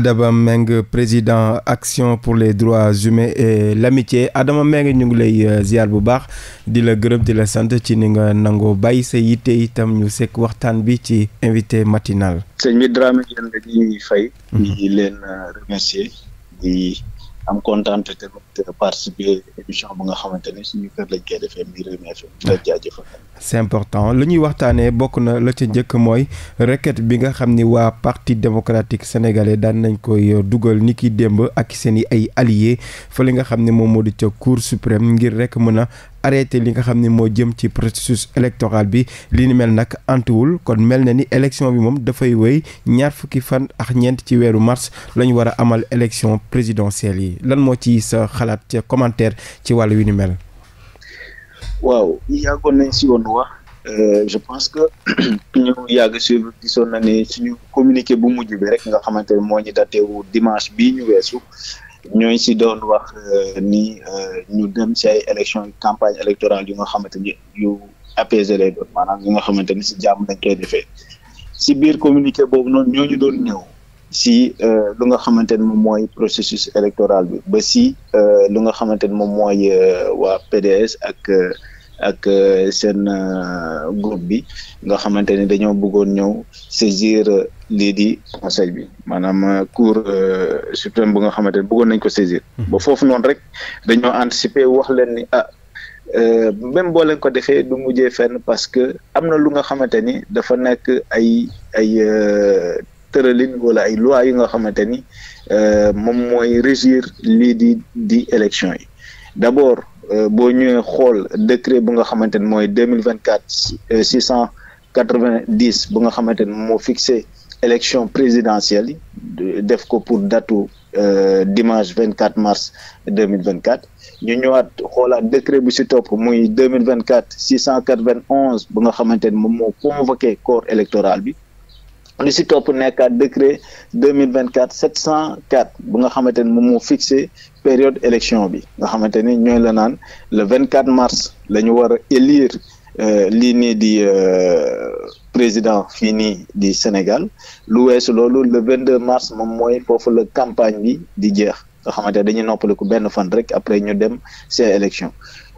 Daba Mbengue président action pour les droits humains et l'amitié Adama Mbengue ñu ngi lay euh, ziar bu baax di la gërëm di la sant ci ni nga nangoo bàyyi sa yitte itam ñu sekk waxtaan bi ci invité matinal sëñ bi Dramé yéen la ñuy fay. Mhm. di leen euh, remercier di am kontaan te participer émission bu nga xamante ne suñu kër lañ koy defee la important lu ñuy waxtaanee bokk na la ca njëkk mooy requête bi nga xam ni waa parti démocratique sénégalais daan nañ koy dugal ni ki démb ak seen i ay alliés fa li nga xam ne moom moo di ca cour suprême ngir rek mën a arrêté li nga xam ni moo jëm ci processus électoral bi li ni mel nag antuwul kon mel na ni élection bi moom dafay woy ñaar fukki fan ak ñeent ci weeru mars lañu war a amal élection présidentielle yi lan moo ci sa xalaat. xalaat ci commentaire ci wàllu yu ni mel. waaw yàggoon nañ si woon wax euh, je pense que ñu yàgg si gisoon na ne suñu communiqué bu mujj bi rek nga xamante ne moo ñu daté wu dimanche bii ñu weesu. ñooy si doon wax euh, ni euh, ñu dem si ay élection campagne électorale yu nga xamante ni yu apaisé lay doon maanaam yu nga xamante ni si jàmm lañ koy defee si biir communiqué boobu noonu ñooñu doon ñëw si euh, lu nga xamante ne moom mooy processus électoral bi ba si euh, lu nga xamante ne moom mooy euh, waa PDS ak ak seen groupe bi nga xamante ne dañoo buggoon ñëw saisir lii di conseil bi maanaam cour suprême bu nga xamante ne bëggoon nañ ko saisir. Mhm. ba foofu noonu rek dañoo anticiper wax leen ni ah. Euh, même ko defee du mujjee fenn parce que am na lu nga xamante ni dafa nekk ay ay tëralin wala ay loi yi nga xamante ni euh, moom mooy régir lii di di élection yi d'abord euh, boo ñëwee xool décret bu nga xamante ni mooy deux mille vingt quatre euh, six cent quatre vingt dix bu nga xamante ni moo fixé élection présidentielle yi def ko pour datu dimanche vingt quatre mars deux mille vingt quatre ñu ñëwaat xoolaat décret bu si topp muy deux mille vingt quatre six cent quatre vingt onze bu nga xamante ni moom moo convoqué corps électoral bi li si topp nekkaat décret deux mille vingt quatre sept cent quatre bu nga xamante ni moom moo fixé période élection bi nga xamante ni ñooy la naan le vingt quatre mars la ñu war a élire euh, lii nii di euh, président fii nii di Sénégal lu weesu loolu le deux mars moom mooy foofu la campagne bi di jeex nga xamante ne dañuy noppaliku benn fan rek après ñu dem ci élection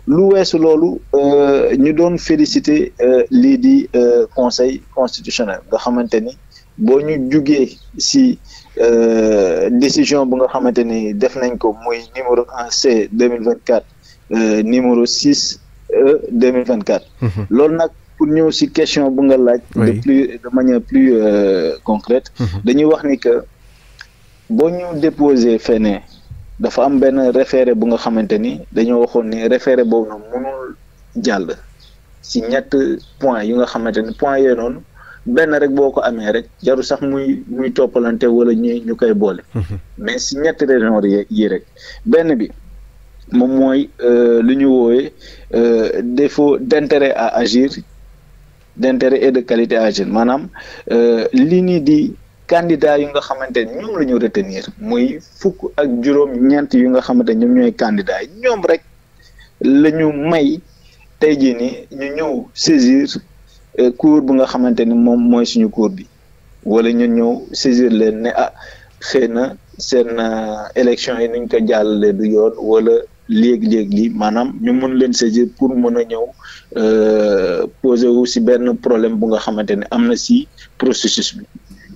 lu weesu loolu euh, ñu doon féliciter lii di conseil constitutionnel nga xamante ni boo ñu jugee si euh, décision bu nga xamante ni def nañ ko muy numéro un C deux mille vingt quatre euh, numéro six E deux mille vingt quatre. Mhm. loolu nag pour ñëw si question bu nga laaj. de plus de manière plus euh, concrète. Mhm. dañuy wax ni que boo ñu déposé feneen dafa am benn référé bu nga xamante ni dañoo waxoon ni référé boobu noonu mënul jàll si ñett point yu nga xamante ni point yooyu noonu. benn rek boo ko amee rek jaru sax muy muy toppalante wala ñuy ñu koy boole. Mhm. mais si ñetti région rek benn bi moom mooy euh, lu ñu woowee euh, défaut d'intérêt à agir d'intérêt et de qualité à agir maanaam euh, li nii di. candidat yu nga xamante ne ñoom la ñu retenir muy fukk ak juróom ñeent yu nga xamante ñoom ñooy candidat yi ñoom rek lañu may tey jii nii ñu ñëw saisir Euh, cours bu nga xamante ni moom mooy suñu cours bi wala ñu ñëw saisir leen ne ah xëy na seen euh, élection yi niñ ko jàllale du yoon wala léeg-léeg lii maanaam ñu mën leen saisir pour mën a ñëw euh, poser wu si benn problème bu nga xamante ni am na si processus bi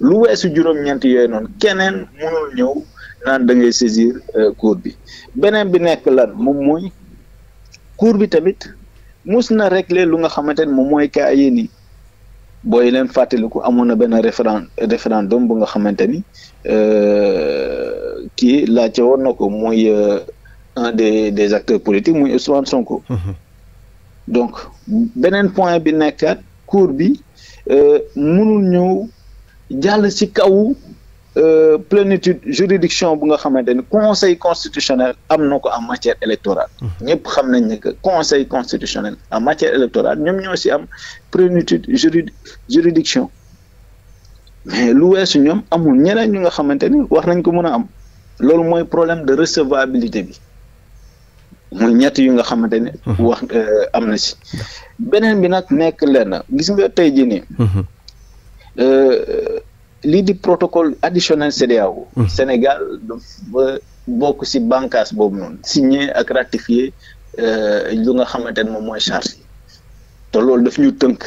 lu weesu juróom-ñeent yooyu noonu keneen mënul ñëw naan da ngay saisir cours bi beneen bi nekk lan moom mooy cours bi tamit mus na régler lu nga xamante ne moom mooy cas yii nii booy leen fàttaliku amoon na benn référend référendum bu nga xamante ni euh, kii laajte mooy na ko euh, un des des acteurs politiques muy Ousmane Sonko. Mm-hmm. donc beneen point bi nekkaat cour bi euh, mënul ñëw jàll ci kaw Euh, plénitude juridiction bu nga xamante ni conseil constitutionnel am na ko en matière électorale. Mmh. ñëpp xam nañ ne que conseil constitutionnel en matière électorale ñoom ñoo si am plénitude juri juridiction mais lu weesu ñoom amul ñeneen ñu nga xamante ni war nañ ko mën a am loolu mooy problème de recevabilité bi. muy ñett yu nga xamante ne. Mmh. wax euh, am na si. beneen bi nag nekk lenn gis nga tey jii nii. Mmh lii di protocole additionnel CEDEAO hmm. Sénégal dafa bokk ci bànqaas boobu noonu signé ak ratifié euh, lu nga xamante ne moom mooy charte te loolu daf ñu tënk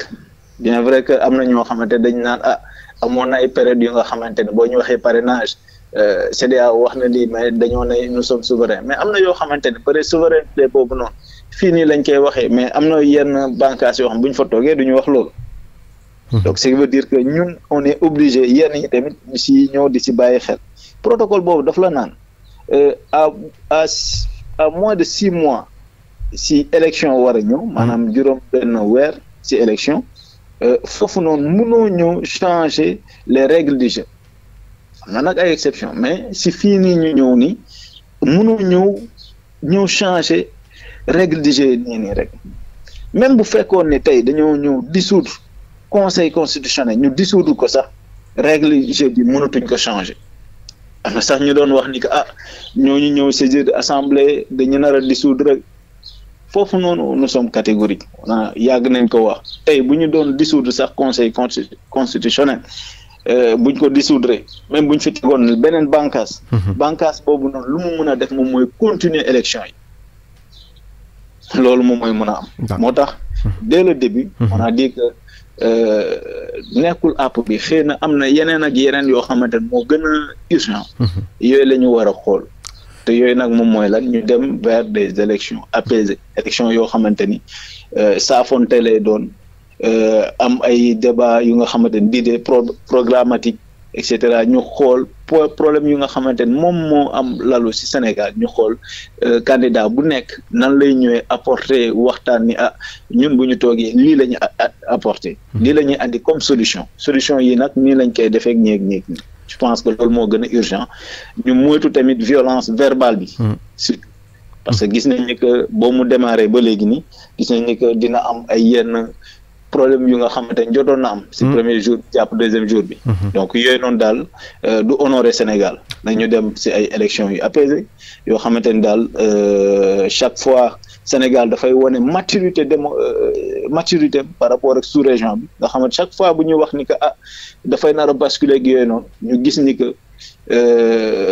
bien vrai que am na ñoo xamante dañ naan ah amoon na ay période yu nga xamante ne boo ñu waxee parrainage euh, CEDEAO wax na lii mais dañoo ne nous sommes souverains mais am na yoo xamante ne peut-être souveraineté boobu noonu fii nii lañ koy waxee mais am na yenn bànqaas yoo xam bu ñu fa toogee du ñu wax loolu Mm-hmm. donc ce qui veut dire que ñun on est obligé yenn yi tamit si ñëw di si bàyyi xel protocole boobu daf la naan euh, à à à moins de six mois si élection war a ñëw maanaam mm-hmm. juróom benn weer si élection euh, foofu noonu mënoo ñëw changer les règles du jeu am na nag ay exception mais si fi nii ñu ñëw nii mënoo ñëw ñëw changer règle du jeu nii nii rek même bu fekkoon ni tey dañoo ñëw dissoudre conseil constitutionnel ñu dissoudre ko sax règle jeu bi mënatuñ ko changé am na sax ñu doon wax ni que ah ñooñu ñëw saisir assemblée dañu nar a dissoudre rek foofu noonu nous sommes catégoriques ah yàgg nañ ko wax tey bu ñu doon dissoudre sax conseil constitutionnel euh, buñ ko dissoudre même buñ fi tegoon beneen bànqaas. Mhm. bànqaas boobu noonu lu mu mën a def moom mooy continuer élection yi. loolu moom mooy mën a am. moo tax mhm. dès le début. Mhm. on a dit Euh, nekkul àpp bi xëy na am na yeneen ak yeneen yoo xamante ne moo gën a urgent mhm. yooyu la ñu war a xool te yooyu nag moom mooy lan ñu dem vers des élections apaisées élections yoo xamante ni euh, saafonte lay doon euh, am ay débat yu nga xamante ni di des programmatique et cetera ñu xool problème yu nga xamante ne moom moo am lalu ci Sénégal ñu xool euh, candidat bu nekk nan lay ñëwee apporter waxtaan ni ah ñun bu ñu toogee lii la ñu apporter. Hmm. lii la ñuy andi comme solution solution yi nag nii lañ koy defee ak ñeeg ñeeg je pense que loolu moo gën a urgent ñu moytu tamit violence verbale bi. Hmm. parce que gis nañ ni que boo mu démarré ba léegi nii gis nañ ni que dina am ay yenn. problème yu nga xamante ne jotoon na am. si hmm. premier jour jàpp deuxième jour bi. Hmm. donc yooyu noonu daal euh, du honorer Sénégal nañu dem si ay élections yu apaisées yoo xamante ni daal euh, chaque fois Sénégal dafay wane maturité démo euh, maturité par rapport ak sous région bi nga xamante chaque fois bu ñu wax ni que ah dafay nara a basculer yooyu noonu ñu gis ni que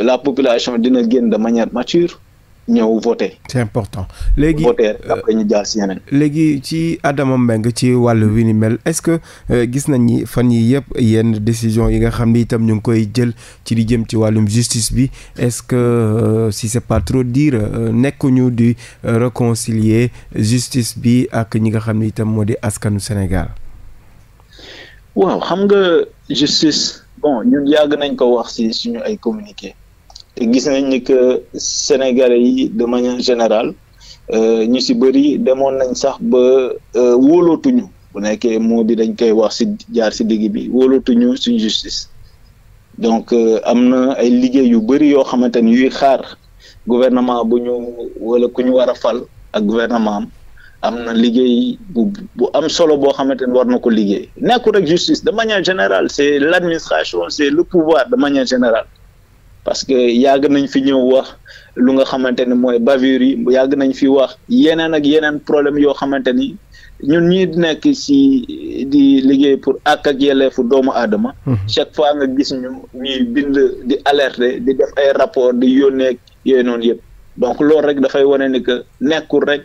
la population dina génn de manière mature. ñëw voté. c'est important léegi voté euh, ñu jaar si yeneen. léegi ci Adama Mbengue ci wàll wi ni mel est-ce que euh, gis nañ ni fan yi yëpp yenn décision yi nga xam ni itam ñu ngi koy jël ci di jëm ci wàllum justice bi est-ce que euh, si c'est pas trop dire nekkuñu di réconcilier justice bi ak ñi nga xam ni itam moo di askanu Sénégal. waaw xam nga justice bon ñun yàgg nañ ko wax si suñu ay communiqué. gis nañ ni que sénégalais yi de manière générale euh, ñu si bëri demoon nañ sax ba euh, wóolootuñu bu nekkee moo bi dañ koy wax si jaar si digg bi wóolootuñu suñ justice donc euh, am na ay liggéey yu bëri yoo xamante ni yuy xaar gouvernement bu ñu wala ku ñu war a fal ak gouvernement am am na liggéey bu am solo boo xamante ni war na ko liggéey nekkul rek justice de manière générale c'est l'administration c'est le pouvoir de manière général parce que yàgg nañ fi ñëw wax lu nga xamante ne mooy bavure yi yàgg nañ fi wax yeneen ak yeneen problème yoo xamante ni ñun ñi nekk ci di liggéey pour àq ak yelleefu doomu aadama. Mhm. chaque fois nga gis ñu ñuy bind di alerter di def ay rapport di yónnee yooyu noonu yëpp donc loolu rek dafay wane ni que nekkul rek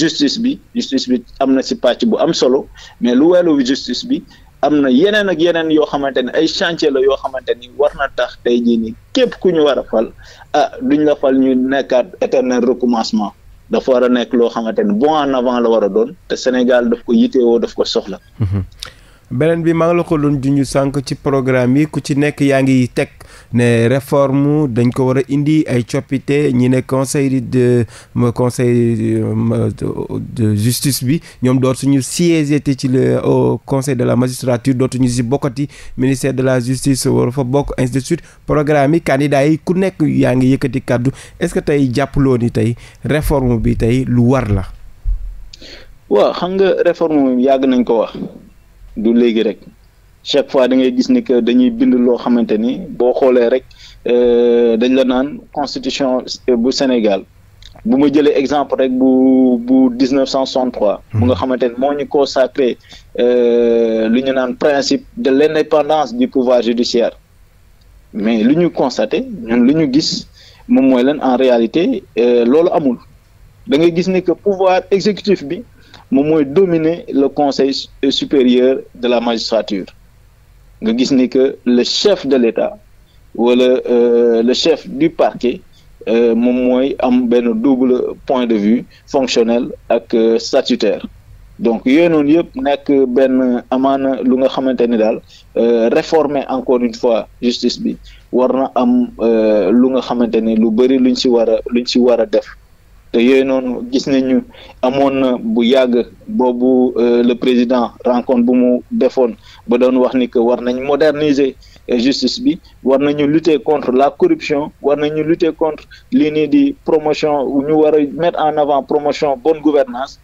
justice bi justice bi am na ci pàcc bu am solo mais lu weelu justice bi am na yeneen ak yeneen yoo xamante ne ay chantier la yoo xamante ni war na tax tey jii nii képp ku ñu war a fal ah duñ la fal ñu nekkaat éternel recommencement dafa war a nekk loo xamante ni bon en avant la war a doon te Sénégal daf ko yitewoo daf ko soxla. Mm-hmm. beneen bi maa ngi la ko sànq ci programme yi ku ci nekk yaa ngi teg ne réforme dañ ko war a indi ay coppite ñi ne conseil de conseil de justice bi ñoom dootuñu siégé ci le au conseil de la magistrature dootuñu si bokkati ministère de la justice war fa bokk ainsi de suite programme yi candidat yi ku nekk yaa ngi yëkkati kàddu est-ce que tey jàppaloo ni tey réforme bi tey lu war la. waaw xam nga réforme yàgg nañ ko wax. du léegi rek chaque fois da ngay gis ni que dañuy bind loo xamante ni boo xoolee rek euh, dañ la naan constitution bu Sénégal bu ma jëlee exemple rek bu bu 1963. bu nga hmm. xamante ni moo ñu consacré euh, lu ñu naan principe de l' indépendance du pouvoir judiciaire mais lu ñu constaté ñun lu ñu gis moom mooy leen en réalité euh, loolu amul da gis ni que pouvoir exécutif bi. moom mooy dominer le conseil supérieur de la magistrature nga gis ni que le chef de l'État wala euh, le chef du parquet euh, moom mooy am benn double point de vue fonctionnel ak euh, statutaire donc yooyu noonu yëpp nekk benn amaana lu nga xamante ni daal euh, réformer encore une fois justice bi war na am lu nga xamante ni lu bëri luñ ci war a luñ ci war a def te yooyu noonu gis ñu amoon na bu yàgg boobu euh, le président rencontre bu mu defoon ba doon wax ni que war nañ moderniser euh, justice bi war na ñu lutter contre la corruption war ñu lutter contre lii nii di promotion ñu war a mettre en avant promotion bonne gouvernance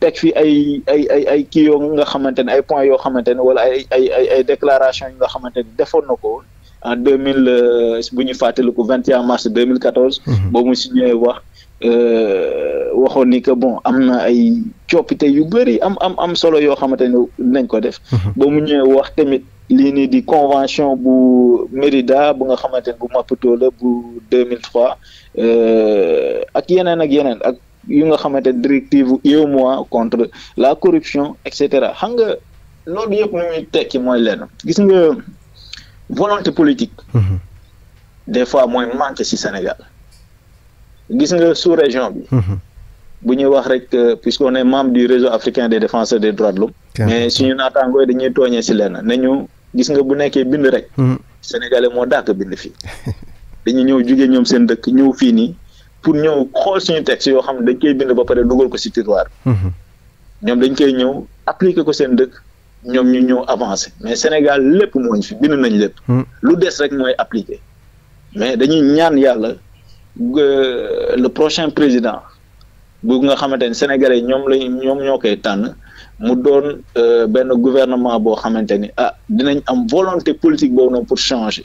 teg fi ay ay ay ay kii yoo nga xamante ne ay points yoo xamante ne wala ay ay ay déclaration yi nga xamante ne defoon na ko en deux mille euh, bu ñu fàttaliku vingt et un mars deux mille quatorze mm-hmm. boobu mu signé wax Euh, waxoon ni que bon am na ay coppite yu bëri am am am solo yoo xamante ne dinañ ko def. Mhm. ba mu ñëwee wax tamit li nii di convention bu Mérida bu nga xamante ne bu Maputo la bu 2003 euh, ak yeneen ak yeneen ak yu nga xamante ne directive UEMOA contre la corruption et cetera xam nga loolu yëpp lu muy tekki mooy lenn gis nga volonté politique. Mhm. des fois mooy manqué ci Sénégal. gis nga sous région bi. Mhm. bu ñuy wax rek euh, puisque on est membre du réseau africain des défenseurs des droits de l'homme mais suñu naataangoo yi dañuy tooñee si lenn ne ñu gis nga bu nekkee bind rek. Mhm. sénégalais moo dàq bind fi dañuy ñëw jugee ñoom seen dëkk ñëw fii nii pour ñëw xool suñu texte yoo xam ne dañ koy bind ba pare dugal ko si tiroir. Mhm. ñoom dañ koy ñëw appliquer ko seen dëkk ñoom ñu ñëw avancer mais Sénégal lépp mooñ fi bind nañ lépp. lu des rek mooy appliquer mais dañuy ñaan yàlla Euh, le prochain président bu nga xamante ne sénégalais ñoom lañ ñoom ñoo koy tànn mu doon euh, benn gouvernement boo xamante ni ah dinañ am volonté politique boobu noonu pour changer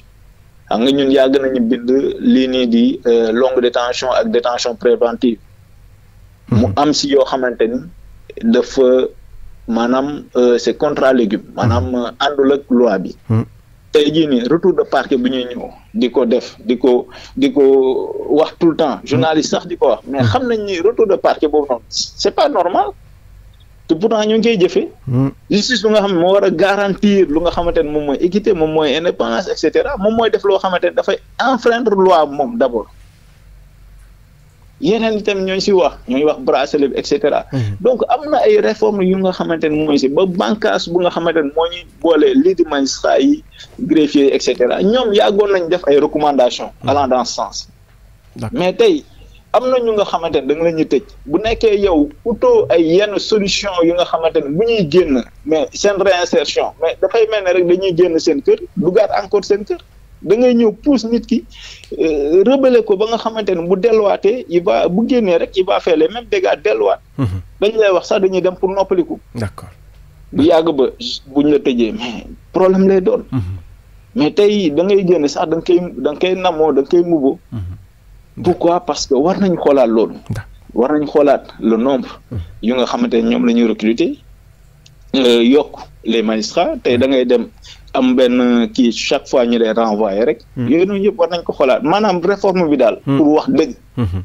xam nga ñun yàgg nañu bind lii nii di euh, longue détention ak détention préventive hmm. mu am si yoo xamante ni dafa maanaam c'est contrat légume hmm. maanaam àndul loi bi hmm. tey jii nii retour de parquet bu ñuy ñëw di ko def di ko di ko wax tout le temps journaliste sax di ko wax mais xam nañ ni retour de parquet boobu noonu c'est pas normal te pourtant ñu ngi koy jëfee. Hmm. justice nga xam ne moo war a garantir lu nga xamante ne moom mooy équité moom mooy indépendance et cetera moom mooy def loo xamante ne dafay enfreindre loi moom d'abord. yeneen itam ñooñu si wax ñooñu wax bracelet bi et cetera. Mhm. donc am na ay réformes yu nga xamante ne mooy si ba bànqaas bu nga xamante ne moo ñuy boole lii di magistrat yi greffier et cetera ñoom yàggoon nañu def ay recommandations. Mhm. allant dans ce sens. mais tey am na ñu nga xamante ne da nga la tëj bu nekkee yow utoo ay yenn solution yu nga xamante ne bu ñuy génn mais seen réinsertion mais dafay mel ne rek dañuy génn seen kër dugaat encore seen kër. da ngay ñëw pouse nit ki euh, rebeller ko ba nga xamante ne bu delluwaatee il va bu génnee rek il va lay les mêmes dégâts delluwaat. Mm-hmm. dañu lay wax sax dañuy dem pour noppaliku. d'accord bu yàgg ba buñ la tëjee mais problème lay doon. Mm-hmm. mais tey da ngay génn sax da nga koy koy namoo da nga koy muboo. Mm-hmm. pourquoi parce que war nañu xoolaat loolu. war nañu xoolaat le nombre. yu nga xamante ne ñoom la ñuy recruter. Euh, yokk les magistrats tey da ngay dem am benn kii chaque fois ñu leen renvoyer rek. Hmm. yooyu noonu yëpp war nañ ko xoolaat maanaam réforme bi daal. Hmm. pour wax dëgg. Hmm.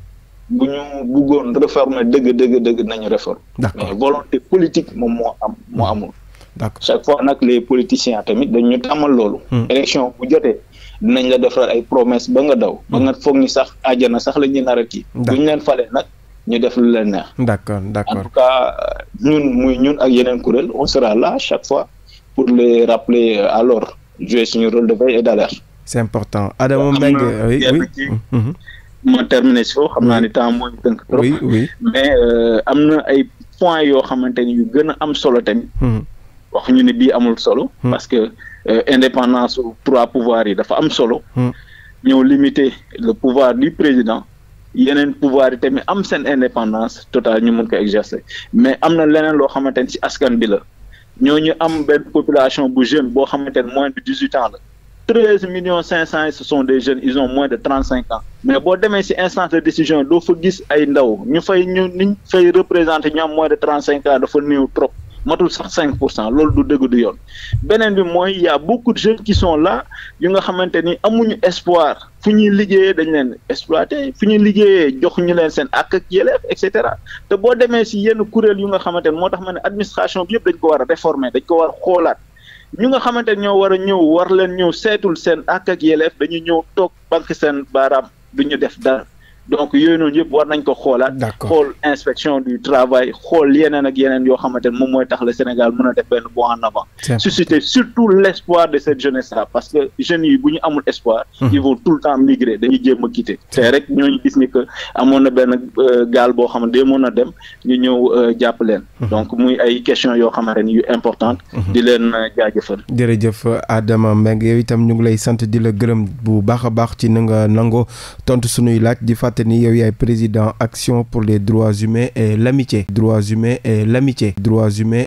bu ñu buggoon réformer dëgg dëgg dëgg nañu réforme. mais volonté politique moom moo am amul. d'accord chaque fois nag le politiciens tamit dañ ñu tàmmal loolu. élection bu jotee dinañ la defaral ay promesse ba nga daw. ba nga foog ni sax àjjana sax la ñuy nar a kii. bu leen falee nag ñu def lu leen neex. d'accord d'accord ñun muy ñun ak yeneen kuréel on sera là chaque fois pour les rappeler euh, à l'ordre jouer suñu rôle de veille et d'alerte. c'est important Adama Mbengue oui oui mm-hmm. ma xam naa ni temps moo tënk trop. oui mais euh, am na ay points yoo xamante ni yu gën a am solo tamit. Mm-hmm. wax ñu ne bii amul solo. Mm-hmm. parce que euh, indépendance trois pouvoirs yi dafa am solo. ñoo limiter le pouvoir du président. yeneen pouvoir yi tamit am seen indépendance totale ñu mun ko exercer mais am na leneen loo xamante ne ci askan bi la ñu am benn population bu jeune boo xamante ne moins de dix huit ans la treize millions cinq cent ce des jeunes ils ont moins de trente cinq ans mais boo demee ci instance de décision doo fa gis ay ndaw ñu fay ñu niñ fay représenter ñu am moins de trente cinq ans dafa néew trop. matul sax cinq pour cent loolu du dëgg du yoon beneen bi mooy y a beaucoup de jeunes qui yu nga xamante ni amuñu espoir fu ñuy liggéeyee dañu leen exploité fu ñuy liggéeyee jox ñu leen seen ak ak yéleef et te boo demee si yenn kuréel yu nga xamante ni moo tax ma ne administration bi yëpp dañ ko war a réformer dañ ko war a xoolaat ñu nga xamante ne ñoo war a ñëw war leen ñëw seetul seen ak ak yéleef dañuy ñëw toog banque seen baaraam du ñu def dara donc yooyu noonu yëpp war nañ ko xoolaat. xool inspection du travail xool yeneen ak yeneen yoo xamante ne moom mooy tax la Sénégal mën a def benn bond en avant. susciter surtout l' espoir de cette jeunesse là parce que jeunes yi bu ñu amul espoir. ils vont tout le temps migrer dañuy jéem a quitter. te rek ñooñu gis ni que amoon na benn euh, gaal boo xam ne day mën a dem ñu ñëw euh, jàpp leen. donc muy ay question yoo xamante ni yu importante di leen euh, jaajëfal. jërëjëf Adama Mbengue yow itam ñu ngi lay sant di la gërëm bu baax a baax ci na nga nangoo tontu sunuy laaj fàtte ni yow yaay président action pour les droits humains et l'amitié droits humains et l'amitié droits